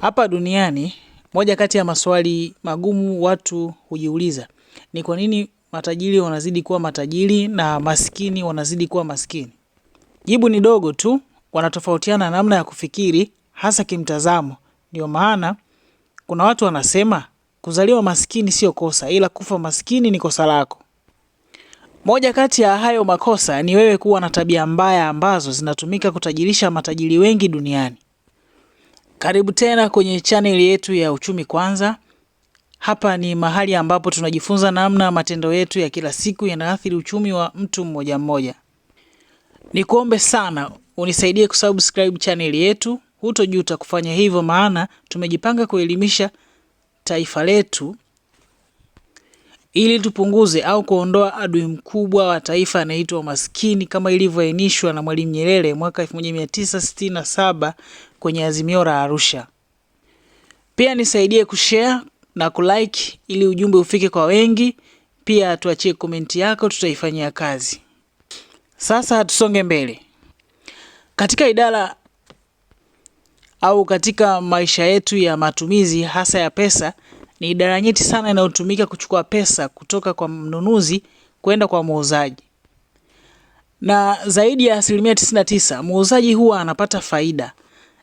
Hapa duniani moja kati ya maswali magumu watu hujiuliza ni kwa nini matajiri wanazidi kuwa matajiri na maskini wanazidi kuwa maskini? Jibu ni dogo tu, wanatofautiana namna ya kufikiri, hasa kimtazamo. Ndio maana kuna watu wanasema kuzaliwa maskini sio kosa, ila kufa maskini ni kosa lako. Moja kati ya hayo makosa ni wewe kuwa na tabia mbaya ambazo zinatumika kutajirisha matajiri wengi duniani. Karibu tena kwenye chaneli yetu ya Uchumi Kwanza. Hapa ni mahali ambapo tunajifunza namna matendo yetu ya kila siku yanaathiri uchumi wa mtu mmoja mmoja. ni kuombe sana unisaidie kusubscribe chaneli yetu, hutojuta kufanya hivyo, maana tumejipanga kuelimisha taifa letu ili tupunguze au kuondoa adui mkubwa wa taifa anaitwa umaskini kama ilivyoainishwa na Mwalimu Nyerere mwaka 1967 kwenye Azimio la Arusha. Pia nisaidie kushare na kulike ili ujumbe ufike kwa wengi. Pia tuachie komenti yako, tutaifanyia kazi. Sasa tusonge mbele katika idara au katika maisha yetu ya matumizi hasa ya pesa ni idara nyeti sana inayotumika kuchukua pesa kutoka kwa mnunuzi kwenda kwa muuzaji, na zaidi ya asilimia 99 muuzaji huwa anapata faida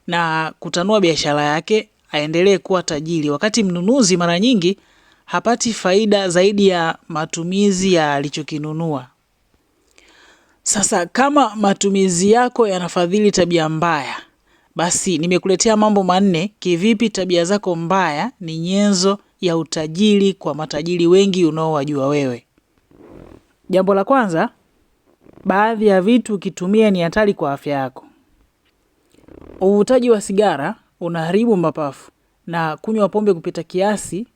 na kutanua biashara yake aendelee kuwa tajiri, wakati mnunuzi mara nyingi hapati faida zaidi ya matumizi ya alichokinunua. Sasa kama matumizi yako yanafadhili tabia mbaya, basi nimekuletea mambo manne kivipi tabia zako mbaya ni nyenzo ya utajiri kwa matajiri wengi unaowajua wewe. Jambo la kwanza, baadhi ya vitu ukitumia ni hatari kwa afya yako. Uvutaji wa sigara unaharibu mapafu na kunywa pombe kupita kiasi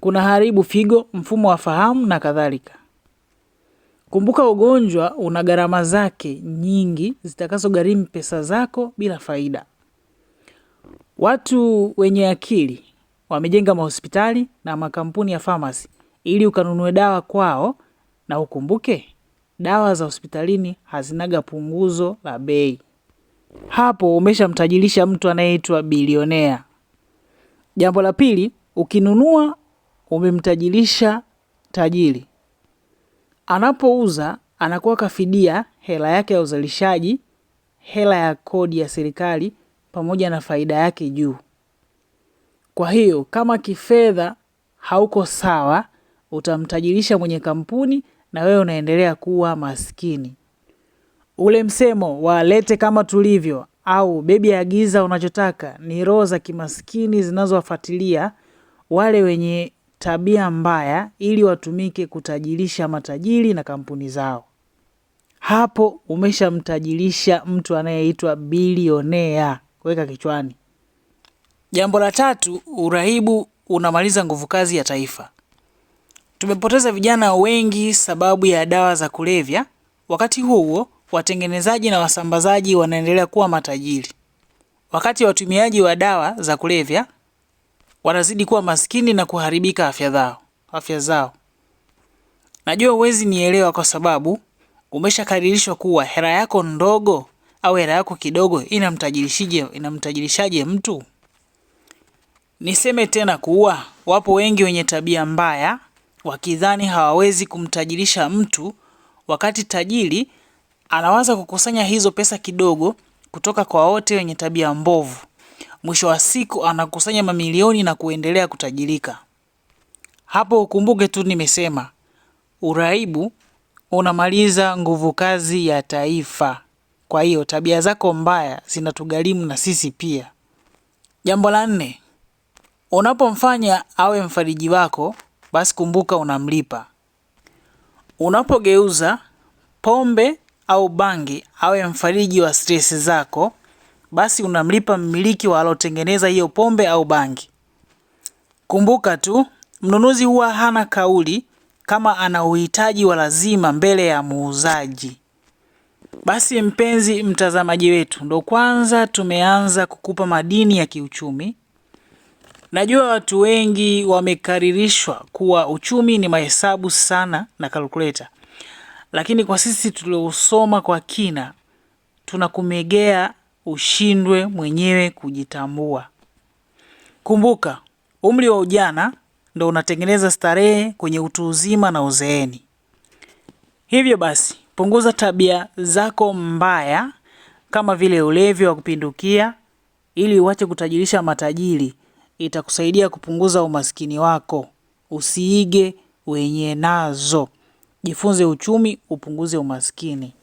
kuna haribu figo, mfumo wa fahamu na kadhalika. Kumbuka, ugonjwa una gharama zake nyingi zitakazogharimu pesa zako bila faida. Watu wenye akili wamejenga mahospitali na makampuni ya famasi ili ukanunue dawa kwao, na ukumbuke dawa za hospitalini hazinaga punguzo la bei. Hapo umeshamtajirisha mtu anayeitwa bilionea. Jambo la pili, ukinunua umemtajirisha tajiri. Anapouza anakuwa kafidia hela yake ya uzalishaji, hela ya kodi ya serikali pamoja na faida yake juu. Kwa hiyo kama kifedha hauko sawa, utamtajirisha mwenye kampuni na wewe unaendelea kuwa maskini. Ule msemo walete kama tulivyo au bebi, agiza unachotaka ni roho za kimaskini zinazowafuatilia wale wenye tabia mbaya ili watumike kutajirisha matajiri na kampuni zao. Hapo umeshamtajirisha mtu anayeitwa bilionea, kuweka kichwani. Jambo la tatu, urahibu unamaliza nguvu kazi ya taifa. Tumepoteza vijana wengi sababu ya dawa za kulevya. Wakati huo huo, watengenezaji na wasambazaji wanaendelea kuwa matajiri, wakati watumiaji wa dawa za kulevya wanazidi kuwa maskini na kuharibika afya zao afya zao. Najua huwezi nielewa kwa sababu umeshakadirishwa kuwa hela yako ndogo au hela yako kidogo inamtajirishije inamtajirishaje mtu? Niseme tena kuwa wapo wengi wenye tabia mbaya wakidhani hawawezi kumtajirisha mtu, wakati tajiri anawaza kukusanya hizo pesa kidogo kutoka kwa wote wenye tabia mbovu. Mwisho wa siku anakusanya mamilioni na kuendelea kutajirika. Hapo ukumbuke tu nimesema, uraibu unamaliza nguvu kazi ya taifa. Kwa hiyo tabia zako mbaya zinatugharimu na sisi pia. Jambo la nne, Unapomfanya awe mfariji wako, basi kumbuka unamlipa. Unapogeuza pombe au bangi awe mfariji wa stresi zako, basi unamlipa mmiliki wa alotengeneza hiyo pombe au bangi. Kumbuka tu mnunuzi huwa hana kauli kama ana uhitaji wa lazima mbele ya muuzaji. Basi mpenzi mtazamaji wetu, ndo kwanza tumeanza kukupa madini ya kiuchumi Najua watu wengi wamekaririshwa kuwa uchumi ni mahesabu sana na calculator, lakini kwa sisi tuliosoma kwa kina tunakumegea ushindwe mwenyewe kujitambua. Kumbuka, umri wa ujana ndo unatengeneza starehe kwenye utu uzima na uzeeni. Hivyo basi, punguza tabia zako mbaya kama vile ulevi wa kupindukia, ili uache kutajirisha matajiri itakusaidia kupunguza umaskini wako. Usiige wenye nazo, jifunze uchumi upunguze umaskini.